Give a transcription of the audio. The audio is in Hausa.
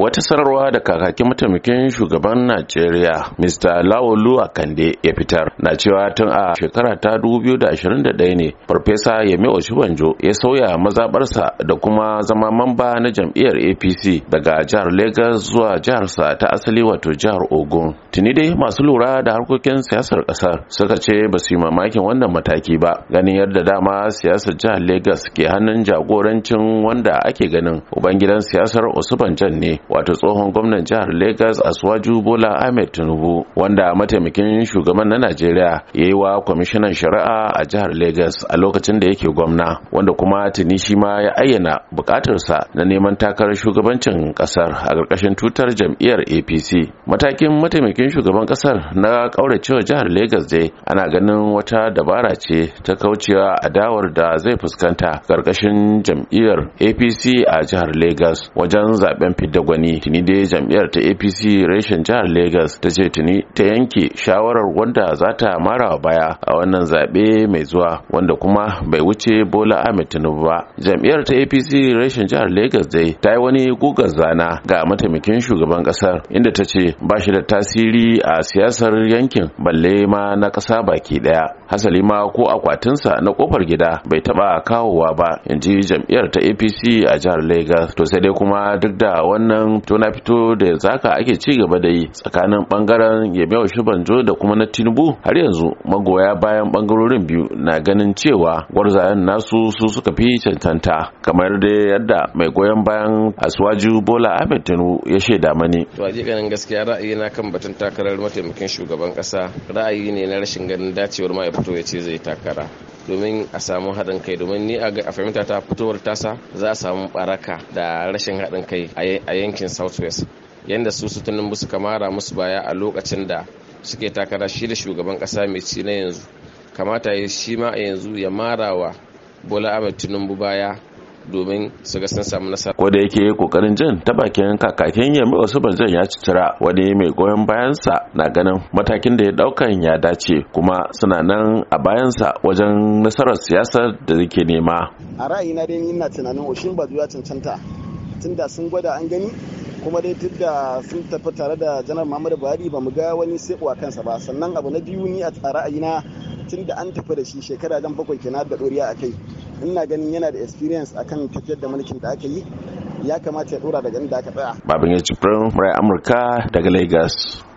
wata sanarwa da kakaki mataimakin shugaban najeriya mr lawolu akande ya fitar na cewa tun a shekara ta 2021 ne farfesa yemi oshibanjo ya sauya mazabarsa da kuma zama mamba na jam'iyyar apc daga jihar lagos zuwa jiharsa ta asali wato jihar ogun tuni dai masu lura da harkokin siyasar kasar suka ce ba su yi mamakin wannan mataki ba ganin yadda dama siyasar jihar lagos ke hannun jagorancin wanda ake ganin ubangidan siyasar osubanjan ne wato tsohon gwamnan jihar Lagos Aswaju Bola Ahmed Tinubu wanda mataimakin shugaban na Najeriya ya wa kwamishinan shari'a a jihar Lagos a lokacin da yake gwamna wanda kuma tuni shi ma ya ayyana bukatarsa na neman takarar shugabancin kasar a ƙarƙashin tutar jam'iyyar APC. Matakin mataimakin shugaban kasar na ƙauracewa jihar Lagos dai ana ganin wata dabara ce ta kaucewa adawar da zai fuskanta ƙarƙashin jam'iyyar APC a jihar Lagos wajen zaben fidda gwani tuni dai jam'iyyar ta apc reshen jihar lagos ta ce tuni ta yanke shawarar wanda za ta mara baya a wannan zaɓe mai zuwa wanda kuma bai wuce bola ahmed tinubu ba jam'iyyar ta apc reshen jihar lagos dai ta yi wani gugar zana ga mataimakin shugaban ƙasar inda ta ce ba shi da tasiri a siyasar yankin balle ma na ƙasa baki ɗaya hasali ma ko akwatinsa na kofar gida bai taɓa kawowa ba in ji jam'iyyar ta apc a jihar lagos to sai dai kuma duk da wannan fito tuna fito da yanzu haka ake ci gaba da yi tsakanin bangaren yamewa shubanjo da kuma na tinubu har yanzu magoya bayan bangarorin biyu na ganin cewa gwarzayen nasu su suka fi cancanta kamar da yadda mai goyon bayan asuwaju bola ahmed tinubu ya shaida mani to a ganin gaskiya ra'ayi na kan batun takarar mataimakin shugaban kasa ra'ayi ne na rashin ganin dacewar ma ya fito ya ce zai takara domin a samu haɗin kai domin ni a fahimta ta fitowar tasa za a samu baraka da rashin haɗin kai a yankin southwest yadda su su tunumbu suka mara musu baya a lokacin da suke takara shi da shugaban ƙasa mai ci na yanzu kamata ya shi ma a yanzu ya mara wa bola ahmed tinubu baya domin su ga sun samu nasara ko da yake kokarin jin ta bakin kakakin yamma wasu banzan ya ci tura wani mai goyon bayansa na ganin matakin da ya daukan ya dace kuma suna nan a bayansa wajen nasarar siyasar da yake nema a ra'ayina dai ina tunanin oshin ba zuwa cancanta tunda sun gwada an gani kuma dai duk da sun tafi tare da janar muhammadu buhari ba mu ga wani sebo kansa ba sannan abu na biyu ni a ra'ayina tun da an tafi da shi shekara jan bakwai kenan da ɗoriya a kai ina ganin yana da experience akan tafiyar da mulkin da aka yi ya kamata ya dora daga inda aka tsaya babin ya ci murai amurka daga lagos